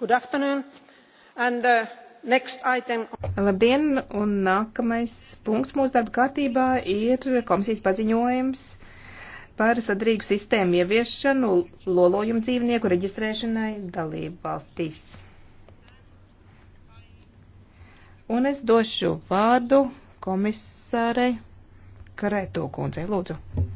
Uh, Labdien, un nākamais punkts mūsu darba kārtībā ir komisijas paziņojums par sadrīgu sistēmu ieviešanu lolojumu dzīvnieku reģistrēšanai dalību valstīs. Un es došu vārdu komisārei Kreto kundzei. Lūdzu.